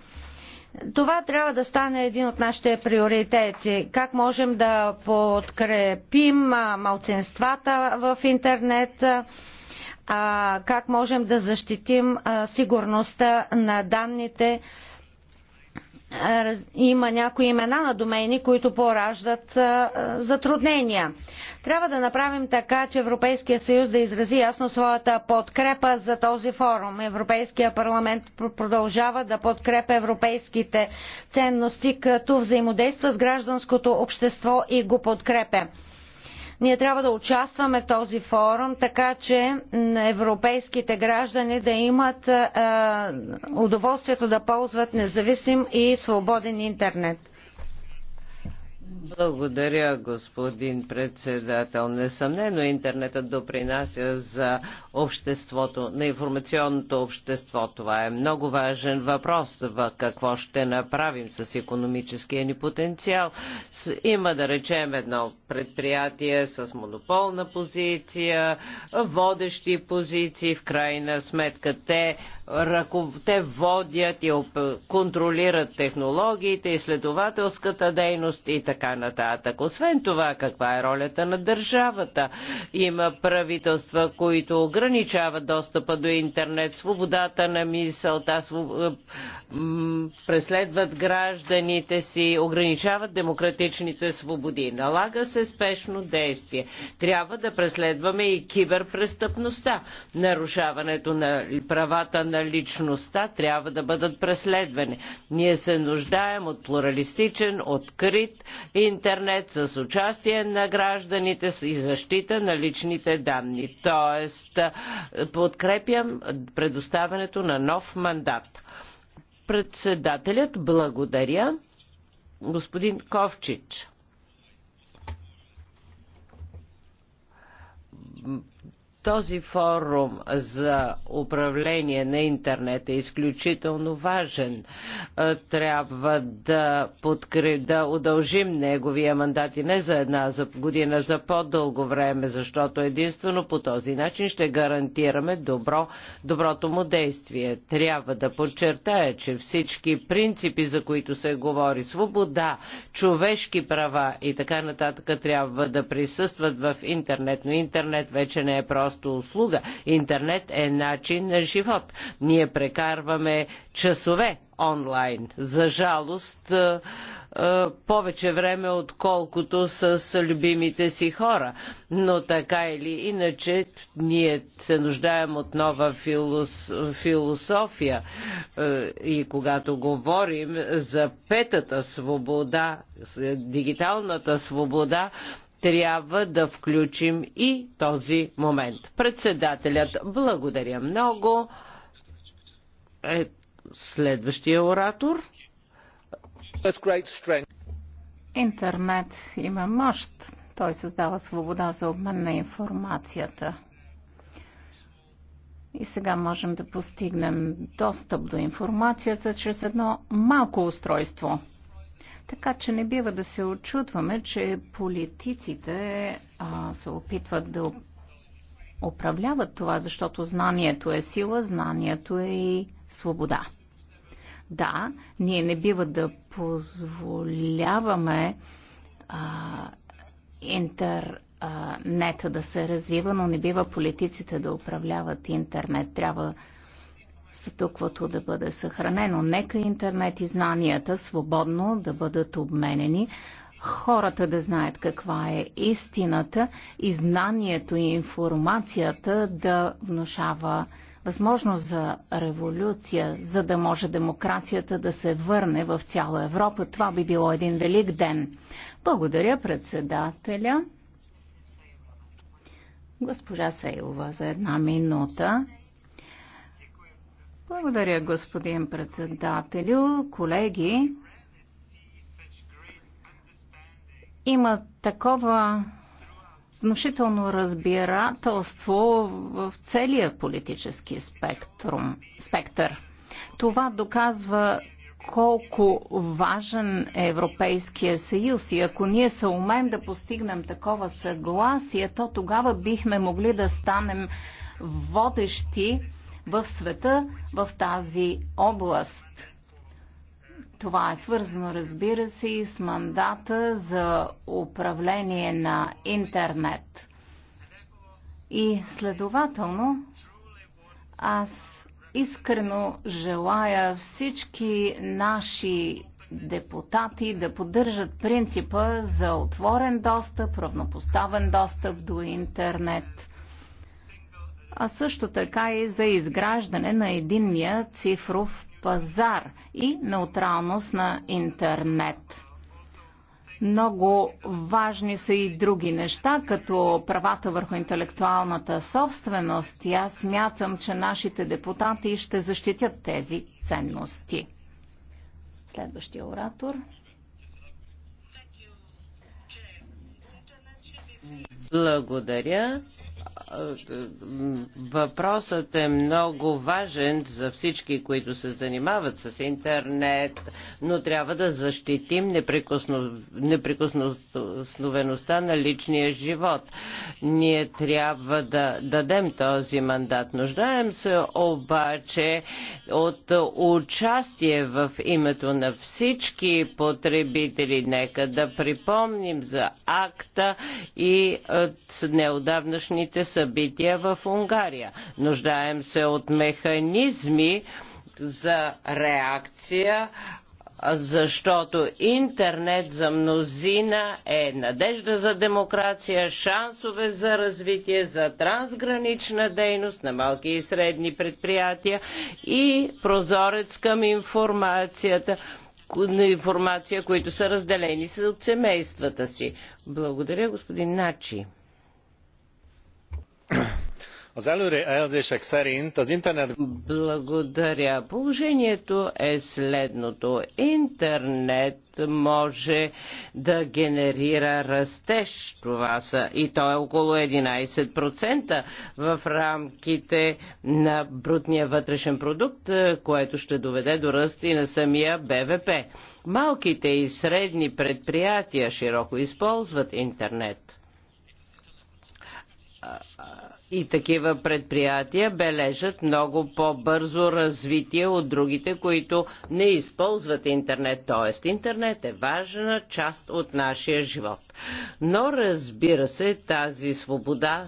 Това трябва да стане един от нашите приоритети. Как можем да подкрепим малцинствата в интернет? Как можем да защитим сигурността на данните? Има някои имена на домени, които пораждат затруднения. Трябва да направим така, че Европейския съюз да изрази ясно своята подкрепа за този форум. Европейския парламент продължава да подкрепя европейските ценности, като взаимодейства с гражданското общество и го подкрепя. Ние трябва да участваме в този форум, така че европейските граждани да имат е, удоволствието да ползват независим и свободен интернет. Благодаря, господин председател. Несъмнено интернетът допринася за обществото, на информационното общество. Това е много важен въпрос. В какво ще направим с економическия ни потенциал? Има да речем едно предприятие с монополна позиция, водещи позиции. В крайна сметка те, ръков... те водят и контролират технологиите, изследователската дейност и така нататък. Освен това, каква е ролята на държавата? Има правителства, които ограничават достъпа до интернет, свободата на мисълта, своб... преследват гражданите си, ограничават демократичните свободи. Налага се спешно действие. Трябва да преследваме и киберпрестъпността. Нарушаването на правата на личността трябва да бъдат преследвани. Ние се нуждаем от плуралистичен, открит и интернет с участие на гражданите и защита на личните данни. Тоест, подкрепям предоставянето на нов мандат. Председателят благодаря господин Ковчич. Този форум за управление на интернет е изключително важен. Е, трябва да, подкр... да удължим неговия мандат и не за една година, за по-дълго време, защото единствено по този начин ще гарантираме добро, доброто му действие. Трябва да подчертая, че всички принципи, за които се говори, свобода, човешки права и така нататък, трябва да присъстват в интернет, но интернет вече не е просто просто услуга. Интернет е начин на живот. Ние прекарваме часове онлайн. За жалост, е, е, повече време, отколкото с любимите си хора. Но така или иначе, ние се нуждаем от нова филос... философия. Е, и когато говорим за петата свобода, дигиталната свобода, трябва да включим и този момент. Председателят, благодаря много. Е, следващия оратор. Интернет има мощ. Той създава свобода за обмен на информацията. И сега можем да постигнем достъп до информацията чрез едно малко устройство – така че не бива да се очудваме, че политиците а, се опитват да управляват това, защото знанието е сила, знанието е и свобода. Да, ние не бива да позволяваме а, интер, нета да се развива, но не бива политиците да управляват интернет. Трябва статуквото да бъде съхранено. Нека интернет и знанията свободно да бъдат обменени, хората да знаят каква е истината и знанието и информацията да внушава възможност за революция, за да може демокрацията да се върне в цяла Европа. Това би било един велик ден. Благодаря председателя. Госпожа Сейлова за една минута. Благодаря, господин председателю. Колеги, има такова внушително разбирателство в целия политически спектрум, спектър. Това доказва колко важен е Европейския съюз и ако ние се умеем да постигнем такова съгласие, то тогава бихме могли да станем водещи в света в тази област. Това е свързано, разбира се, и с мандата за управление на интернет. И следователно, аз искрено желая всички наши депутати да поддържат принципа за отворен достъп, равнопоставен достъп до интернет а също така и за изграждане на единния цифров пазар и неутралност на интернет. Много важни са и други неща, като правата върху интелектуалната собственост. И аз смятам, че нашите депутати ще защитят тези ценности. Следващия оратор. Благодаря въпросът е много важен за всички, които се занимават с интернет, но трябва да защитим неприкосновеността на личния живот. Ние трябва да дадем този мандат. Нуждаем се обаче от участие в името на всички потребители. Нека да припомним за акта и от е, неодавнашните последните събития в Унгария. Нуждаем се от механизми за реакция защото интернет за мнозина е надежда за демокрация, шансове за развитие, за трансгранична дейност на малки и средни предприятия и прозорец към информацията информация, които са разделени от семействата си. Благодаря, господин Начи. Az előrejelzések szerint az internet... Благодаря. Положението е следното. Интернет може да генерира растеж. Това са и то е около 11% в рамките на брутния вътрешен продукт, е, което ще доведе до ръст и на самия БВП. Малките и средни предприятия широко използват интернет и такива предприятия бележат много по-бързо развитие от другите, които не използват интернет. Тоест, интернет е важна част от нашия живот. Но разбира се, тази свобода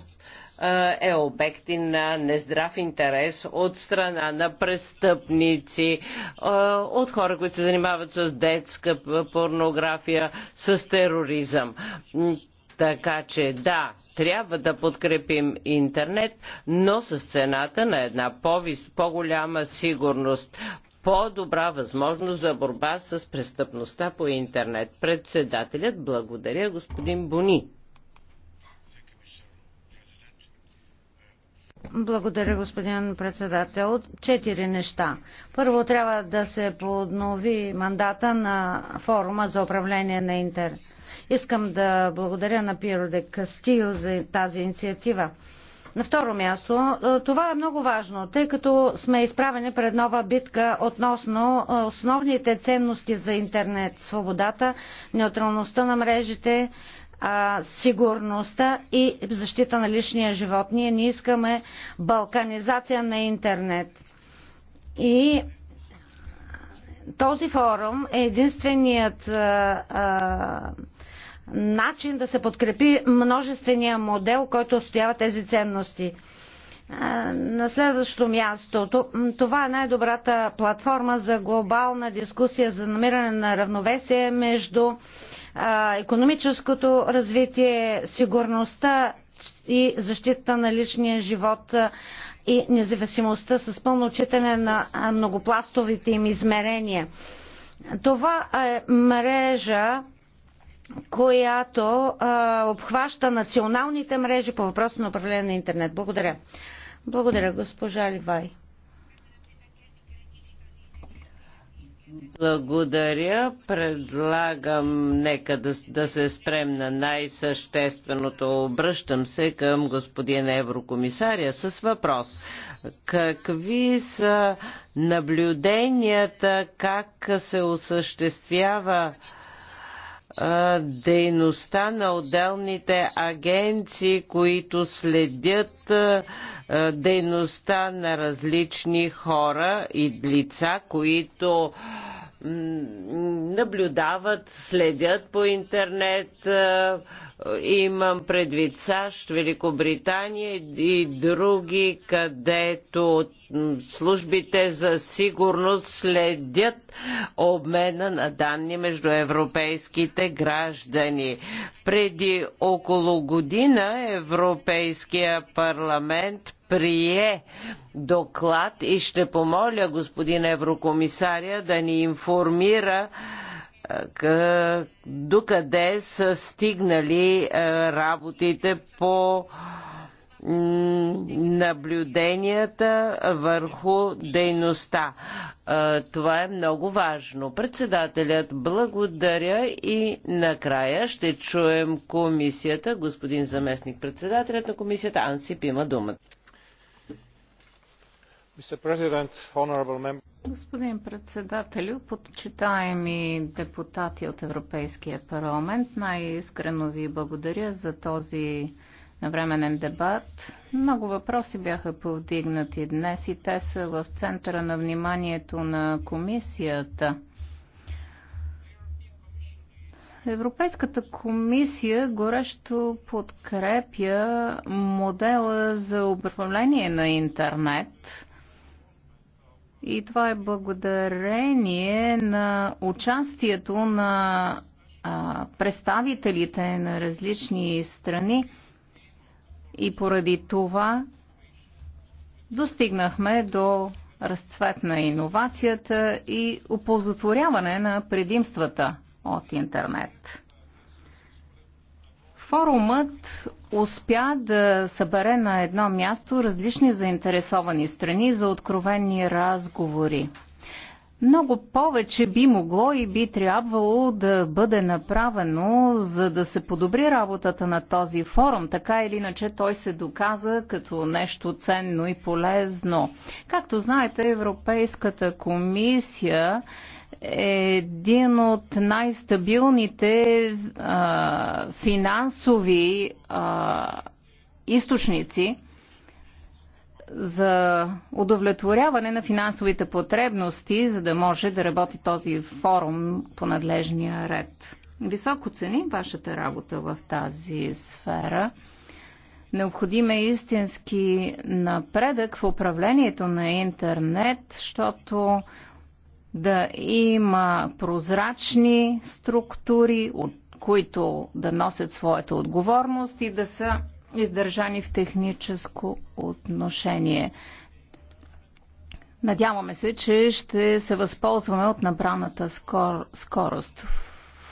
е обекти на нездрав интерес от страна на престъпници, от хора, които се занимават с детска порнография, с тероризъм. Така че да, трябва да подкрепим интернет, но с цената на една по-голяма по сигурност, по-добра възможност за борба с престъпността по интернет. Председателят благодаря господин Бони. Благодаря, господин председател. Четири неща. Първо трябва да се поднови мандата на форума за управление на интернет Искам да благодаря на Пиро де Кастил за тази инициатива. На второ място, е, това е много важно, тъй като сме изправени пред нова битка относно е, основните ценности за интернет, свободата, неутралността на мрежите, е, сигурността и защита на личния живот. Ние не искаме балканизация на интернет. И този форум е единственият а, а, начин да се подкрепи множествения модел, който отстоява тези ценности. На следващото място, това е най-добрата платформа за глобална дискусия за намиране на равновесие между економическото развитие, сигурността и защита на личния живот и независимостта с пълно отчитане на многопластовите им измерения. Това е мрежа, която а, обхваща националните мрежи по въпроса на управление на интернет. Благодаря. Благодаря, госпожа Ливай. Благодаря. Предлагам нека да, да се спрем на най-същественото. Обръщам се към господин еврокомисаря с въпрос. Какви са наблюденията, как се осъществява дейността на отделните агенции, които следят дейността на различни хора и лица, които наблюдават, следят по интернет. Имам предвид САЩ, Великобритания и други, където службите за сигурност следят обмена на данни между европейските граждани. Преди около година Европейския парламент прие доклад и ще помоля господин еврокомисаря да ни информира е, докъде са стигнали е, работите по наблюденията върху дейността. Е, това е много важно. Председателят благодаря и накрая ще чуем комисията. Господин заместник председателят на комисията Анси пима думата. Господин председателю, почитаеми депутати от Европейския парламент, най-искрено ви благодаря за този навременен дебат. Много въпроси бяха повдигнати днес и те са в центъра на вниманието на комисията. Европейската комисия горещо подкрепя модела за управление на интернет – и това е благодарение на участието на представителите на различни страни. И поради това достигнахме до разцвет на иновацията и оползотворяване на предимствата от интернет. Форумът успя да събере на едно място различни заинтересовани страни за откровени разговори. Много повече би могло и би трябвало да бъде направено, за да се подобри работата на този форум. Така или иначе той се доказа като нещо ценно и полезно. Както знаете, Европейската комисия един от най-стабилните финансови а, източници за удовлетворяване на финансовите потребности, за да може да работи този форум по надлежния ред. Високо ценим вашата работа в тази сфера. Необходим е истински напредък в управлението на интернет, защото да има прозрачни структури, от които да носят своята отговорност и да са издържани в техническо отношение. Надяваме се, че ще се възползваме от набраната скор... скорост.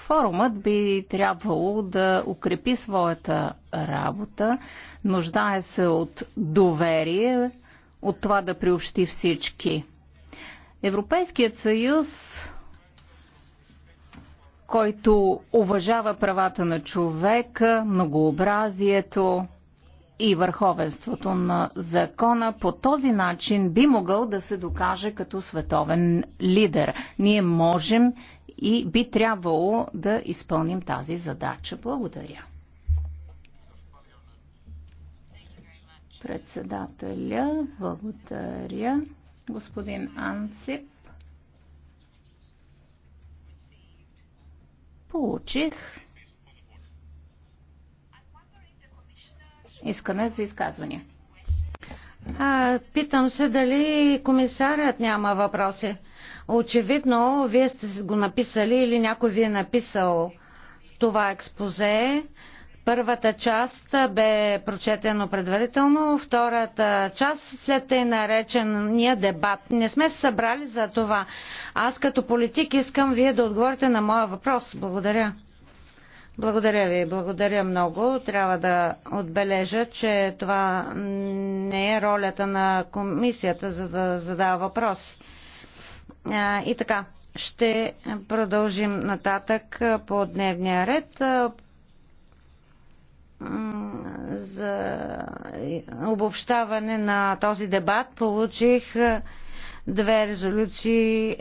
Форумът би трябвало да укрепи своята работа, нуждае се от доверие, от това да приобщи всички. Европейският съюз, който уважава правата на човека, многообразието и върховенството на закона, по този начин би могъл да се докаже като световен лидер. Ние можем и би трябвало да изпълним тази задача. Благодаря. Председателя, благодаря господин Ансип. Получих искане за изказвания. А, питам се дали комисарят няма въпроси. Очевидно, вие сте го написали или някой ви е написал това експозе. Първата част бе прочетено предварително, втората част след тъй наречения дебат. Не сме се събрали за това. Аз като политик искам вие да отговорите на моя въпрос. Благодаря. Благодаря ви, благодаря много. Трябва да отбележа, че това не е ролята на комисията, за да задава въпроси. И така, ще продължим нататък по дневния ред за обобщаване на този дебат получих две резолюции